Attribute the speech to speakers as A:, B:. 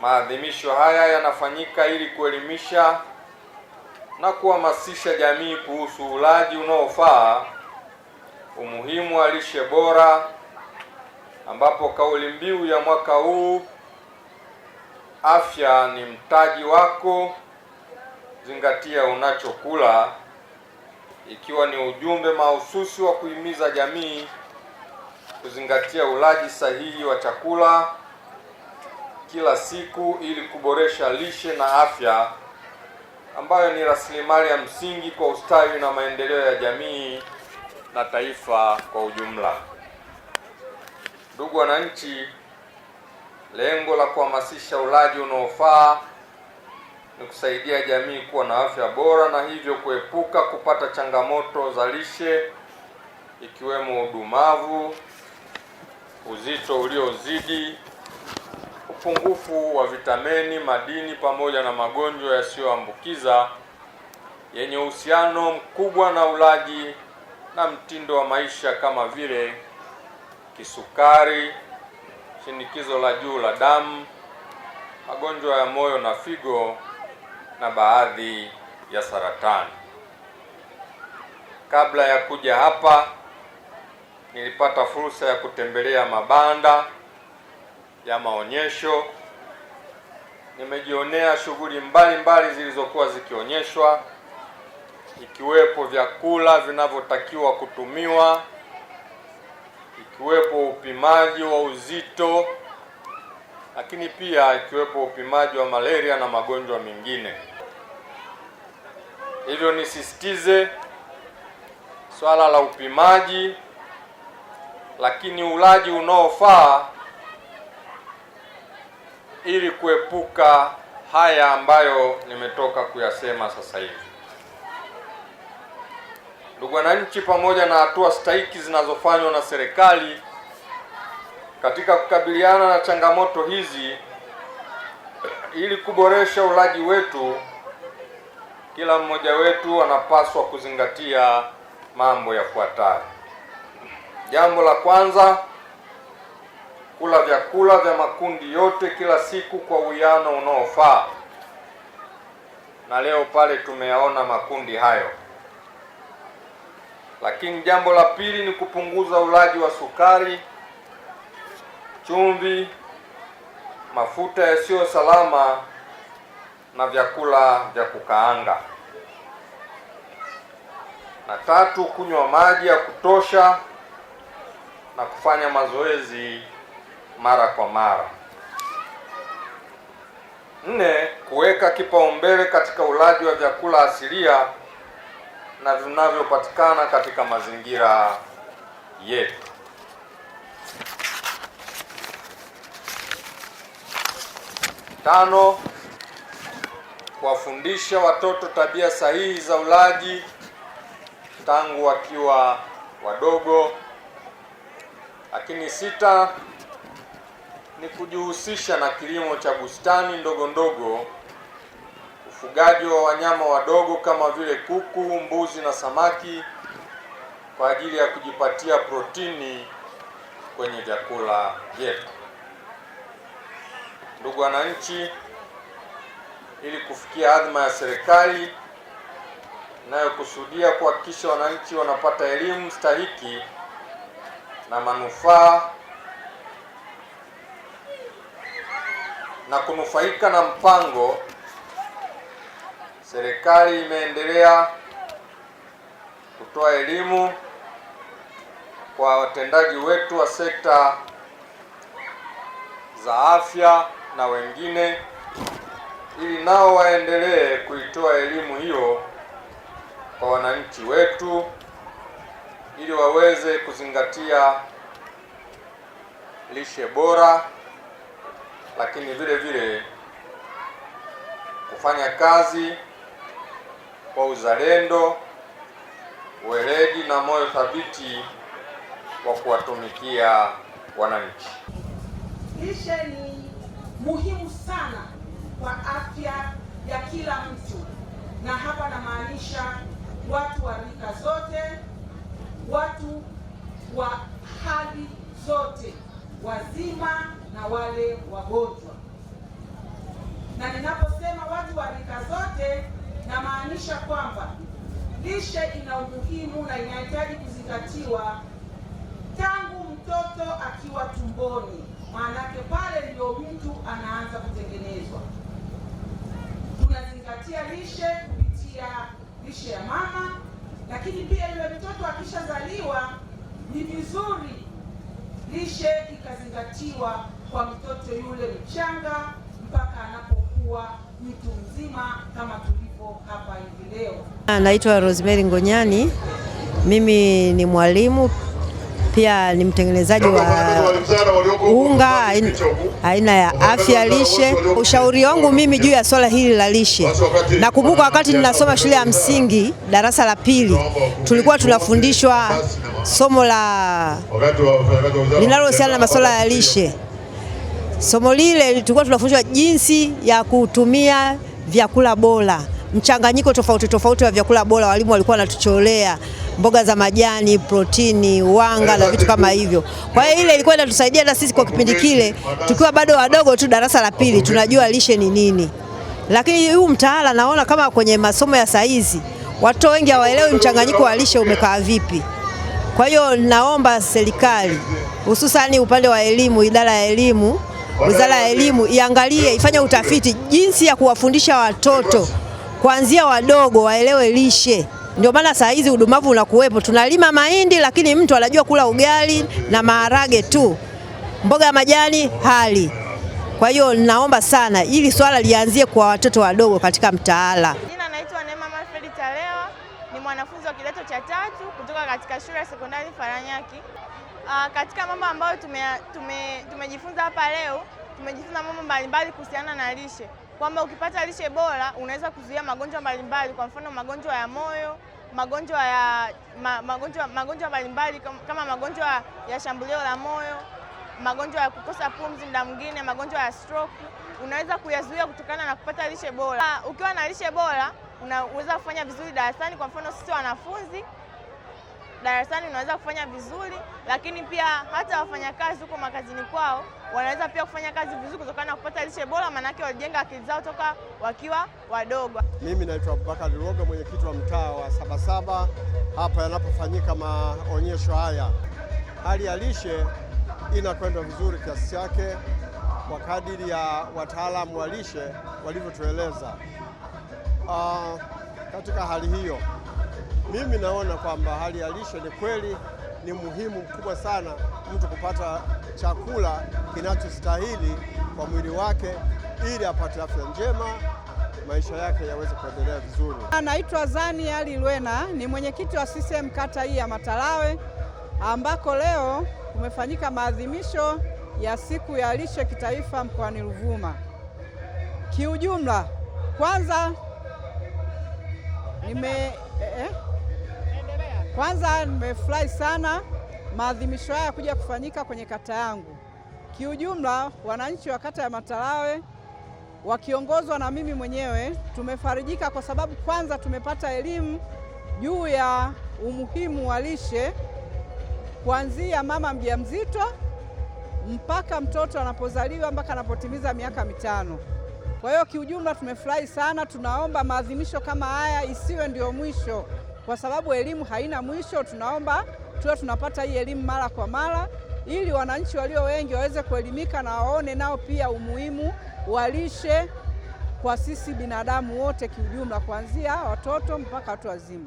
A: Maadhimisho haya yanafanyika ili kuelimisha na kuhamasisha jamii kuhusu ulaji unaofaa, umuhimu wa lishe bora, ambapo kauli mbiu ya mwaka huu afya ni mtaji wako, zingatia unachokula, ikiwa ni ujumbe mahususi wa kuhimiza jamii kuzingatia ulaji sahihi wa chakula kila siku ili kuboresha lishe na afya ambayo ni rasilimali ya msingi kwa ustawi na maendeleo ya jamii na taifa kwa ujumla. Ndugu wananchi, lengo la kuhamasisha ulaji unaofaa ni kusaidia jamii kuwa na afya bora na hivyo kuepuka kupata changamoto za lishe ikiwemo udumavu, uzito uliozidi upungufu wa vitamini, madini pamoja na magonjwa yasiyoambukiza yenye uhusiano mkubwa na ulaji na mtindo wa maisha kama vile kisukari, shinikizo la juu la damu, magonjwa ya moyo na figo na baadhi ya saratani. Kabla ya kuja hapa nilipata fursa ya kutembelea mabanda ya maonyesho. Nimejionea shughuli mbalimbali zilizokuwa zikionyeshwa ikiwepo vyakula vinavyotakiwa kutumiwa, ikiwepo upimaji wa uzito, lakini pia ikiwepo upimaji wa malaria na magonjwa mengine. Hivyo nisisitize swala la upimaji, lakini ulaji unaofaa ili kuepuka haya ambayo nimetoka kuyasema sasa hivi. Ndugu wananchi, pamoja na hatua stahiki zinazofanywa na serikali katika kukabiliana na changamoto hizi ili kuboresha ulaji wetu, kila mmoja wetu anapaswa kuzingatia mambo yafuatayo. Jambo la kwanza kula vyakula vya makundi yote kila siku kwa uwiano unaofaa. Na leo pale tumeyaona makundi hayo. Lakini jambo la pili ni kupunguza ulaji wa sukari, chumvi, mafuta yasiyo salama na vyakula vya kukaanga. Na tatu, kunywa maji ya kutosha na kufanya mazoezi mara kwa mara. Nne, kuweka kipaumbele katika ulaji wa vyakula asilia na vinavyopatikana katika mazingira yetu. Tano, kuwafundisha watoto tabia sahihi za ulaji tangu wakiwa wadogo. Lakini sita ni kujihusisha na kilimo cha bustani ndogo ndogo, ufugaji wa wanyama wadogo kama vile kuku, mbuzi na samaki kwa ajili ya kujipatia protini kwenye vyakula vyetu. Ndugu wananchi, ili kufikia adhma ya serikali inayokusudia kuhakikisha wananchi wanapata elimu stahiki na manufaa na kunufaika na mpango, serikali imeendelea kutoa elimu kwa watendaji wetu wa sekta za afya na wengine, ili nao waendelee kuitoa elimu hiyo kwa wananchi wetu ili waweze kuzingatia lishe bora lakini vile vile kufanya kazi kwa uzalendo, weledi na moyo thabiti wa kuwatumikia wananchi.
B: Lishe ni muhimu sana kwa afya ya kila mtu, na hapa namaanisha watu wa rika zote, watu wa hali zote, wazima na wale wagonjwa. Na ninaposema watu wa rika zote, namaanisha kwamba lishe ina umuhimu na inahitaji kuzingatiwa tangu mtoto akiwa tumboni, maanake pale ndio mtu anaanza kutengenezwa. Tunazingatia lishe kupitia lishe ya mama, lakini pia yule mtoto akishazaliwa, ni vizuri lishe ikazingatiwa kwa mtoto yule mchanga mpaka anapokuwa mtu mzima kama tulivyo hapa hivi leo.
C: Anaitwa Rosemary Ngonyani, mimi ni mwalimu pia ni mtengenezaji wa unga aina ya afya lishe. Ushauri wangu mimi juu ya swala hili la lishe, nakumbuka wakati ninasoma shule ya msingi darasa la pili, tulikuwa tunafundishwa somo la linalohusiana na masuala ya lishe. Somo lile tulikuwa tunafundishwa jinsi ya kutumia vyakula bora, mchanganyiko tofauti tofauti wa vyakula bora. Walimu walikuwa wanatucholea mboga za majani, protini, wanga na vitu kama hivyo. Kwa hiyo ile ilikuwa inatusaidia na sisi kwa kipindi kile tukiwa bado wadogo tu, darasa la pili, tunajua lishe ni nini. Lakini huu mtaala naona kama kwenye masomo ya saizi watoto wengi hawaelewi mchanganyiko wa lishe umekaa vipi. Kwa hiyo naomba serikali, hususani upande wa elimu, idara ya elimu Wizara ya Elimu iangalie, ifanye utafiti jinsi ya kuwafundisha watoto kuanzia wadogo waelewe lishe. Ndio maana saa hizi udumavu unakuwepo, tunalima mahindi lakini mtu anajua kula ugali na maharage tu, mboga ya majani hali. Kwa hiyo naomba sana ili swala lianzie kwa watoto wadogo katika mtaala.
D: Jina naitwa Neema Manfred Taleo, ni mwanafunzi wa kidato cha tatu kutoka katika shule ya sekondari Faranyaki. Uh, katika mambo ambayo tumejifunza tume, tume hapa leo tumejifunza mambo mbalimbali kuhusiana na lishe, kwamba ukipata lishe bora unaweza kuzuia magonjwa mbalimbali, kwa mfano magonjwa ya moyo, magonjwa ya ma, magonjwa magonjwa mbalimbali kama magonjwa ya shambulio la moyo, magonjwa ya kukosa pumzi, muda mwingine magonjwa ya stroke unaweza kuyazuia kutokana na kupata lishe bora. Ah, ukiwa na lishe bora unaweza kufanya vizuri darasani, kwa mfano sisi wanafunzi darasani unaweza kufanya vizuri, lakini pia hata wafanyakazi huko makazini kwao wanaweza pia kufanya kazi vizuri kutokana na kupata lishe bora, maanake walijenga akili zao toka wakiwa wadogo.
E: Mimi naitwa Abubakar roga mwenyekiti wa mtaa wa Sabasaba hapa yanapofanyika maonyesho haya. Hali ya lishe inakwenda vizuri kiasi chake kwa kadiri ya wataalamu wa lishe walivyotueleza. Uh, katika hali hiyo mimi naona kwamba hali ya lishe ni kweli ni muhimu mkubwa sana mtu kupata chakula kinachostahili kwa mwili wake ili apate afya njema, maisha yake yaweze kuendelea vizuri.
F: Anaitwa Zani Ali Lwena, ni mwenyekiti wa CCM kata hii ya Matalawe, ambako leo kumefanyika maadhimisho ya siku ya lishe kitaifa mkoani Ruvuma. Kiujumla, kwanza nime eh, eh. Kwanza nimefurahi sana maadhimisho haya kuja kufanyika kwenye kata yangu. Kiujumla, wananchi wa kata ya Matalawe wakiongozwa na mimi mwenyewe tumefarijika kwa sababu kwanza tumepata elimu juu ya umuhimu wa lishe kuanzia mama mjamzito mpaka mtoto anapozaliwa mpaka anapotimiza miaka mitano. Kwa hiyo kiujumla tumefurahi sana. Tunaomba maadhimisho kama haya isiwe ndio mwisho kwa sababu elimu haina mwisho. Tunaomba tuwe tunapata hii elimu mara kwa mara, ili wananchi walio wengi waweze kuelimika na waone nao pia umuhimu wa lishe kwa sisi binadamu wote kiujumla, kuanzia watoto mpaka watu wazima.